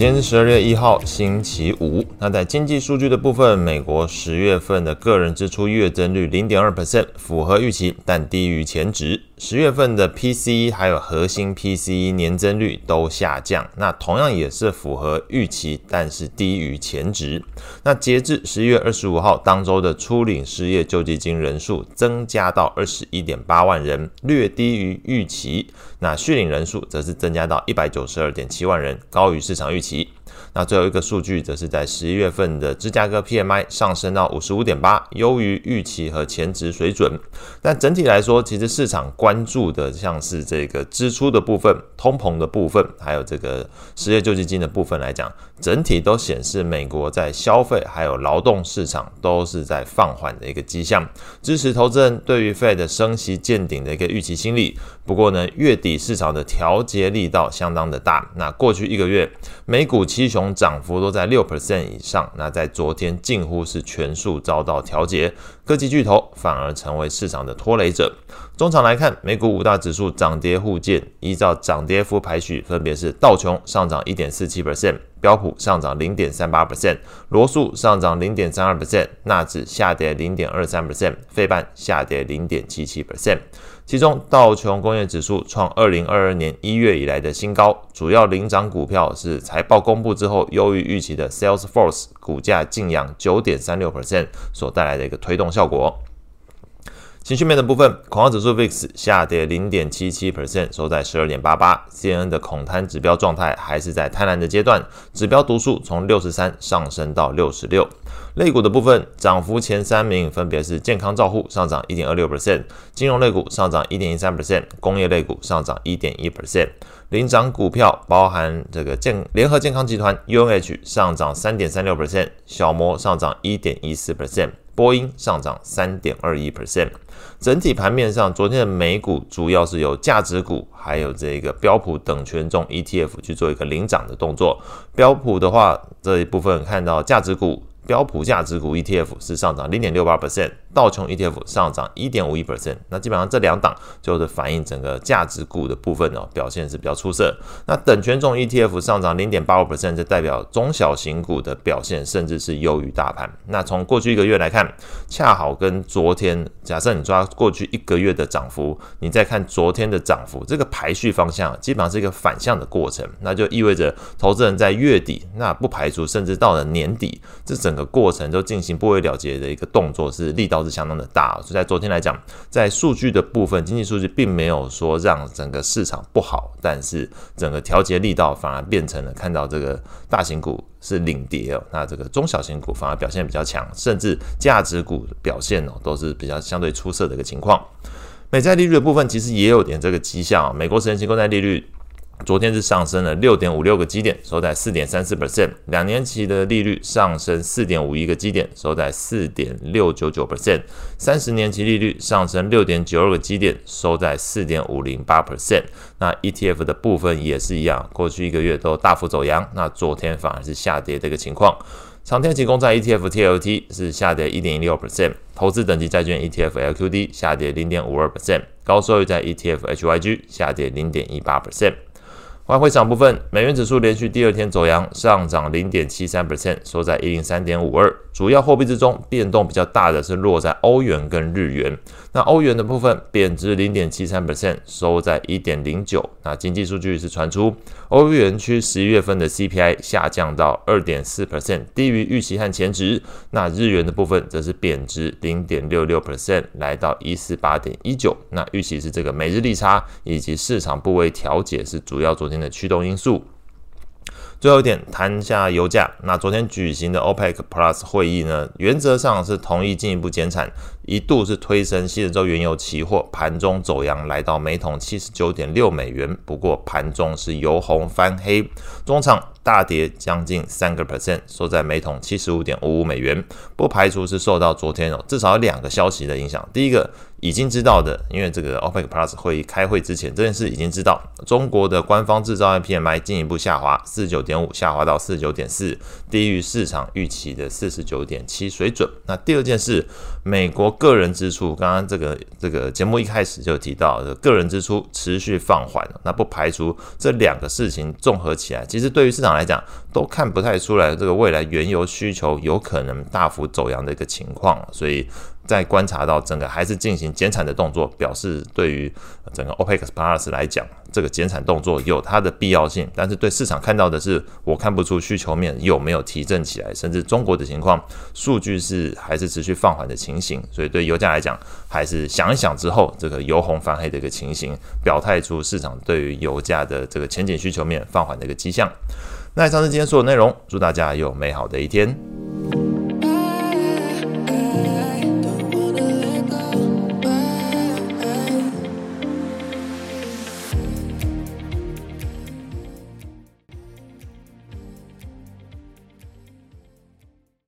今天是十二月一號，星期五。那在經濟數據的部分，美國十月份的個人支出月增率零點二 percent，符合預期，但低於前值。十月份的 PCE 還有核心 PCE 年增率都下降，那同樣也是符合預期，但是低於前值。那截至十一月二十五號當週的初領失業救濟金人數增加到二十一點八萬人，略低於預期。那續領人數則是增加到一百九十二點七萬人，高於市場預期。那最後一個數據，則是在十一月份的芝加哥 PMI 上升到五十五點八，優於預期和前值水準。但整體來說，其實市場關注的像是這個支出的部分、通膨的部分，還有這個失業救濟金的部分來講，整體都顯示美國在消費還有勞動市場都是在放緩的一個跡象，支持投資人對於 Fed 升息見頂的一個預期心理。不過呢，月底市場的調節力道相當的大。那過去一個月，美股七。七雄漲幅都在六 percent 以上，那在昨天近乎是全數遭到調節，科技巨頭反而成為市場的拖累者。終場來看，美股五大指數漲跌互見，依照漲跌幅排序，分別是道瓊上漲一點四七 percent，標普上漲零點三八 percent，羅素上漲零點三二 percent，納指下跌零點二三 percent，費半下跌零點七七 percent。其中，道瓊工業指數創二零二二年一月以來的新高，主要領漲股票是財報公布之後優於預期的 Salesforce，股價勁揚九點三六 percent，所帶來的一個推動效果。情緒面的部分，恐慌指數 VIX 下跌零點七七 percent，收在十二點八八。CNN 的恐貪指標狀態還是在貪婪的階段，指標讀數從六十三上升到六十六。類股的部分，漲幅前三名分別是健康照護上漲一點二六 percent，金融類股上漲一點一三 percent，工業類股上漲一點一 percent。領漲股票包含這個健聯合健康集團 UNH 上漲三點三六 percent，小摩上漲一點一四 percent。波音上漲三點二一 percent。整體盤面上，昨天的美股主要是由價值股，還有這個標普等權重 ETF 去做一個領漲的動作。標普的話，這一部分看到價值股。標普價值股 ETF 是上漲零點六八 percent，道瓊 ETF 上漲一點五一 percent。那基本上這兩檔就是反映整個價值股的部分哦，表現是比較出色。那等權重 ETF 上漲零點八五 percent，就代表中小型股的表現甚至是優於大盤。那從過去一個月來看，恰好跟昨天，假設你抓過去一個月的漲幅，你再看昨天的漲幅，這個排序方向基本上是一個反向的過程。那就意味着投資人在月底，那不排除甚至到了年底，這整個。過程都進行部位了結的一個動作，是力道是相當的大、哦。所以在昨天來講，在數據的部分，經濟數據並沒有說讓整個市場不好，但是整個調節力道反而變成了看到這個大型股是領跌、哦，那這個中小型股反而表現比較強，甚至價值股表現哦都是比較相對出色的一個情況。美債利率的部分其實也有點這個跡象、哦，美國十年期公債利率，昨天是上升了六點五六個基點，收在四點三四 percent。兩年期的利率上升四點五一個基點，收在四點六九九 percent。三十年期利率上升六點九二個基點，收在四點五零八 percent。那 ETF 的部分也是一樣，過去一個月都大幅走揚，那昨天反而是下跌的一個情況。長天期公債 ETF TLT 是下跌一點一六 percent，投資等級債券 ETF LQD 下跌零點五二 percent，高收益債 ETF HYG 下跌零點一八 percent。外匯場部分，美元指數連續第二天走陽，上漲零點七三 percent，收在一零三點五二。主要貨幣之中，變動比較大的是落在歐元跟日元。那歐元的部分貶值零點七三 percent，收在一點零九。那經濟數據是傳出，歐元區十一月份的 CPI 下降到二點四 percent，低於預期和前值。那日元的部分則是貶值零點六六 percent，來到一四八點一九。那預期是這個美日利差以及市場部位調節是主要昨天的驅動因素。最後一點，談一下油價。那昨天舉行的 OPEC Plus 會議呢，原則上是同意進一步減產，一度是推升西德州原油期貨盤中走陽，來到每桶七十九點六美元。不過盤中是由紅翻黑，終場大跌將近三個 percent，收在每桶七十五點五五美元。不排除是受到昨天哦，至少有兩個消息的影響。第一個已經知道的，因為這個 OPEC Plus 會議開會之前，這件事已經知道，中國的官方製造業 PMI 進一步下滑，四十九點五下滑到四十九點四，低於市場預期的四十九點七水準。那第二件事，美國個人支出，剛剛這個這個節目一開始就提到，個人支出持續放緩。那不排除這兩個事情綜合起來，其實對於市場來講，都看不太出來這個未來原油需求有可能大幅走揚的一個情況，所以。在觀察到整個還是進行減產的動作，表示對於整個 OPEC+ 來講，這個減產動作有它的必要性。但是對市場看到的是，我看不出需求面有沒有提振起來，甚至中國的情況，數據是還是持續放緩的情形。所以對油價來講，還是想一想之後，這個由紅翻黑的一個情形，表態出市場對於油價的這個前景需求面放緩的一個跡象。那以上是今天所有內容，祝大家有美好的一天。